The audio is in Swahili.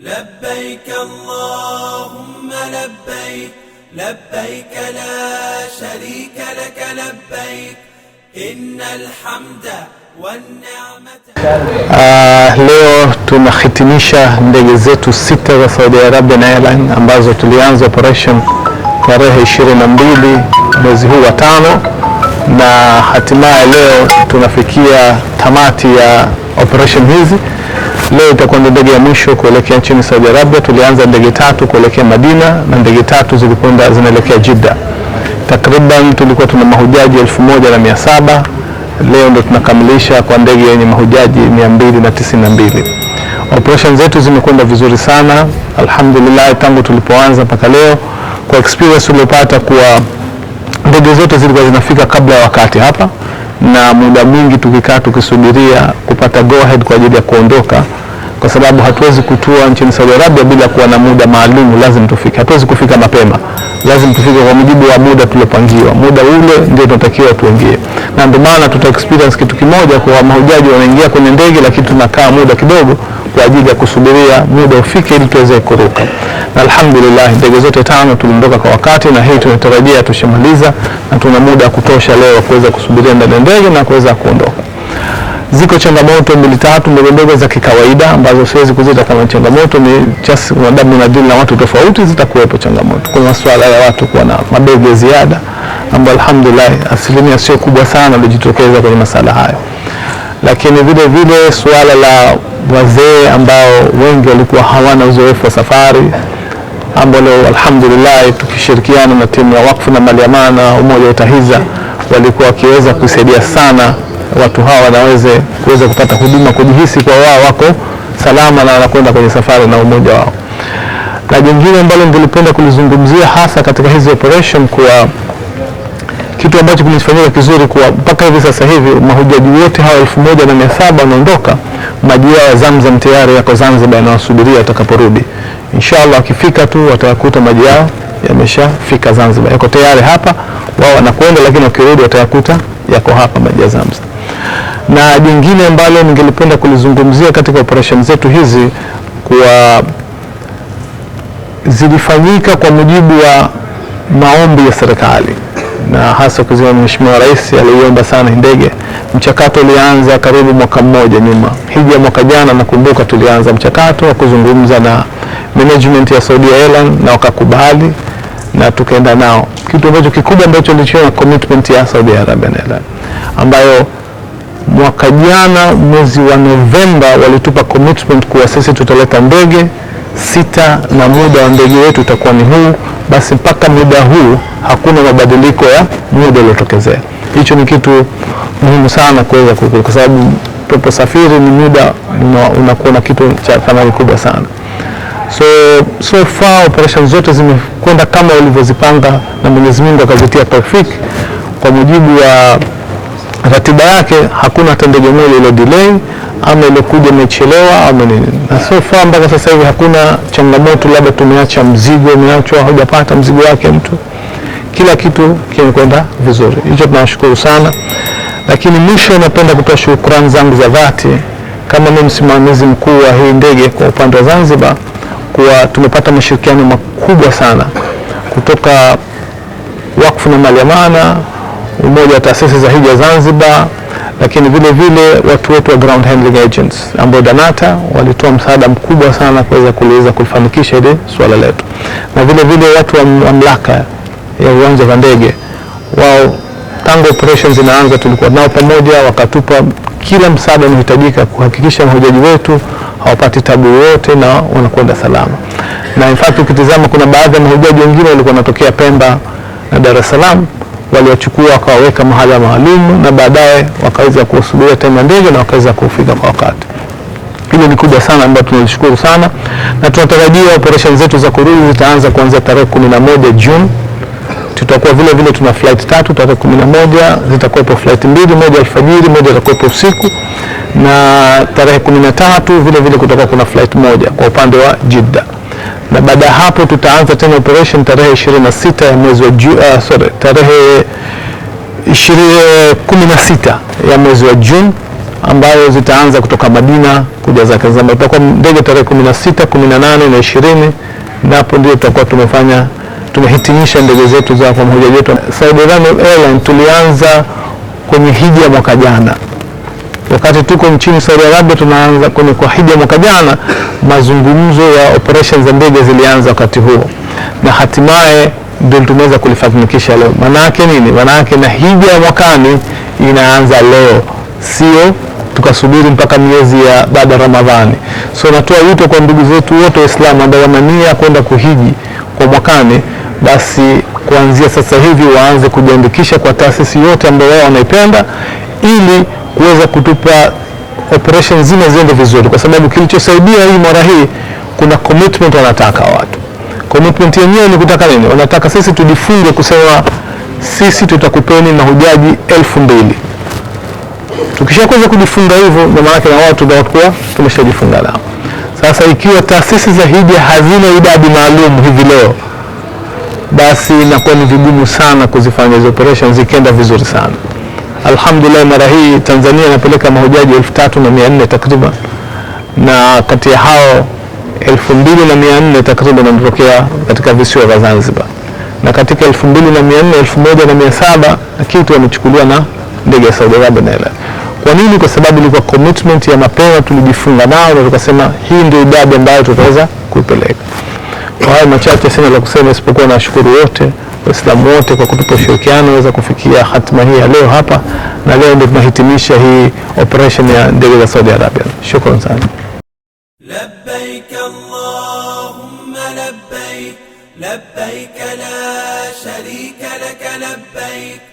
لبيك اللهم لبيك لبيك لا شريك لك لبيك إن الحمد والنعمة uh, leo tunahitimisha ndege zetu sita za Saudi arabia na Airline ambazo tulianza operation tarehe 22 mwezi huu wa tano, na hatimaye leo tunafikia tamati ya operation hizi Leo itakuwa ni ndege ya mwisho kuelekea nchini Saudi Arabia. Tulianza ndege tatu kuelekea Madina na ndege tatu zilikwenda zinaelekea Jeddah. Takriban tulikuwa tuna mahujaji elfu moja na mia saba leo ndo tunakamilisha kwa ndege yenye mahujaji mia mbili na tisini na mbili. Operation zetu zimekwenda vizuri sana alhamdulillah, tangu tulipoanza mpaka leo. Kwa experience uliopata kuwa ndege zote zilikuwa zinafika kabla ya wakati hapa na muda mwingi tukikaa tukisubiria kupata go ahead kwa ajili ya kuondoka, kwa sababu hatuwezi kutua nchini Saudi Arabia bila kuwa na muda maalum. Lazima tufike, hatuwezi kufika mapema, lazima tufike kwa mujibu wa muda tuliopangiwa. Muda ule ndio tunatakiwa tuingie, na ndio maana tuta experience kitu kimoja kwa mahujaji wanaingia kwenye ndege, lakini tunakaa muda kidogo kwa ajili ya kusubiria muda ufike ili tuweze kuruka, alhamdulillah ndege zote tano tuliondoka kwa wakati, na hii tunatarajia tushamaliza, na tuna muda kutosha leo kuweza kusubiria ndani ya ndege na kuweza kuondoka. Ziko changamoto mbili tatu ndogo za kikawaida ambazo siwezi kuzita kama changamoto, ni just wanadamu na dini na watu tofauti, zitakuwepo changamoto. Kuna masuala ya watu kuwa na mabegi ya ziada ambayo alhamdulillah asilimia sio kubwa sana lijitokeza kwenye masala hayo, lakini vile vile suala la wazee ambao wengi walikuwa hawana uzoefu wa safari, ambao leo alhamdulillah tukishirikiana na timu ya wakfu na mali amana umoja wa TAHIZA walikuwa wakiweza kusaidia sana watu hawa wanaweze kuweza kupata huduma, kujihisi kwa wao wako salama na wanakwenda kwenye safari na umoja wao. Na jingine ambalo nilipenda kulizungumzia hasa katika hizi operation kuwa kitu ambacho kimefanyika kizuri kuwa mpaka hivi sasa hivi mahujaji wote hawa elfu moja na mia saba wanaondoka maji yao ya Zamzam tayari yako Zanzibar, yanawasubiria watakaporudi. Inshallah wakifika tu watayakuta maji yao yameshafika Zanzibar, yako tayari hapa, wao wanakwenda, lakini wakirudi watayakuta yako hapa maji ya Zamzam. Na jingine ambalo ningelipenda kulizungumzia katika operation zetu hizi kuwa zilifanyika kwa mujibu wa maombi ya serikali na hasa kuziwa Mheshimiwa Rais aliiomba sana ndege. Mchakato ulianza karibu mwaka mmoja nyuma, hija mwaka jana nakumbuka, tulianza mchakato wa kuzungumza na management ya Saudi Airlines na wakakubali na tukaenda nao. Kitu ambacho kikubwa ambacho nilichoona commitment ya Saudi Arabian Airlines ambayo mwaka jana mwezi wa Novemba walitupa commitment kuwa sisi tutaleta ndege sita na muda wa ndege wetu utakuwa ni huu basi mpaka muda huu hakuna mabadiliko ya muda uliotokezea. Hicho ni kitu muhimu sana kuweza, kwa sababu tunaposafiri ni muda unakuwa na kitu cha thamani kubwa sana. So, so far operations zote zimekwenda kama ulivyozipanga, na Mwenyezi Mungu akazitia taufiki kwa mujibu wa ratiba yake. Hakuna hata ndege moja ilo delay ama imekuja imechelewa ama nini, na so far mpaka sasa hivi hakuna changamoto, labda tumeacha mzigo umeachwa, hujapata mzigo wake mtu, kila kitu kimekwenda vizuri. Hicho tunashukuru sana, lakini mwisho napenda kutoa shukrani zangu za dhati kama mimi msimamizi mkuu wa hii ndege kwa upande wa Zanzibar, kuwa tumepata mashirikiano makubwa sana kutoka wakfu na mali amana, umoja wa taasisi za hija Zanzibar lakini vile vile watu wetu wa ground handling agents ambao Danata walitoa msaada mkubwa sana kuweza kuliweza kulifanikisha ile swala letu, na vile vile watu wa mamlaka ya uwanja vya ndege wao, tangu operations inaanza tulikuwa nao pamoja, wakatupa kila msaada unaohitajika kuhakikisha mahujaji wetu hawapati tabu yoyote na wanakwenda salama. Na in fact ukitizama kuna baadhi ya mahujaji wengine walikuwa wanatokea Pemba na Dar es Salaam waliwachukua wakawaweka mahala maalum na baadaye wakaweza kusubiria tena ndege na wakaweza kufika kwa wakati. Hilo ni kubwa sana ambayo tunalishukuru sana, na tunatarajia operesheni zetu za kurudi zitaanza kuanzia tarehe 11 Juni. Tutakuwa vile vile tuna flight tatu tarehe 11, zitakuwepo flight mbili, moja alfajiri, moja itakuwepo usiku, na tarehe 13 vile vile kutakuwa kuna flight moja kwa upande wa Jeddah na baada ya hapo tutaanza tena operation tarehe 26 ya mwezi wa uh, sorry, tarehe 16 ya mwezi wa Juni ambayo zitaanza kutoka Madina kuja zake Zanzibar. Tutakuwa ndege tarehe 16, 18 na 20, na hapo ndio tutakuwa tumefanya tumehitimisha ndege zetu za kwa mhujaji wetu Saudi Arabia Airlines Tulianza kwenye hija mwaka jana. Wakati tuko nchini Saudi Arabia tunaanza kwenye kwa hija mwaka jana, mazungumzo ya operations za ndege zilianza wakati huo, na hatimaye ndio tumeweza kulifanikisha leo. Maanake nini? Maanake na hija ya mwakani inaanza leo, sio tukasubiri mpaka miezi ya baada ya Ramadhani. So natoa wito kwa ndugu zetu wote Waislamu ambao wanania kwenda kuhiji kwa mwakani, basi kuanzia sasa hivi waanze kujiandikisha kwa taasisi yote ambayo wao wanaipenda ili kuweza kutupa operation zima ziende vizuri, kwa sababu kilichosaidia hii mara hii kuna commitment wanataka watu. Commitment yenyewe ni kutaka nini? Wanataka sisi tujifunge kusema sisi tutakupeni mahujaji elfu mbili. Tukishakuweza kujifunga hivyo, ndio maana na watu ndio watakuwa tumeshajifunga nao. Sasa ikiwa taasisi za hija hazina idadi maalum hivi leo, basi inakuwa ni vigumu sana kuzifanya hizo operations zikaenda vizuri sana. Alhamdulillah, mara hii Tanzania inapeleka mahujaji elfu tatu na mia nne takriban, na kati ya hao elfu mbili na mia nne takriban wanatokea katika visiwa vya Zanzibar, na katika elfu mbili na mia nne elfu moja na mia saba na kitu wamechukuliwa na ndege ya Saudi Arabia na Airlines. Kwa nini? Kwa sababu ilikuwa commitment ya mapema, tulijifunga nao na tukasema hii ndio idadi ambayo tutaweza kuipeleka. Kwa hayo machache sina la kusema, isipokuwa washukuru wote. Waislamu wote kwa kutupa ushirikiano waweza kufikia hatima hii ya leo hapa, na leo ndio tunahitimisha hii operation ya ndege za Saudi Arabia. Shukran sana. Labbaik Allahumma labbaik labbaik la sharika lak labbaik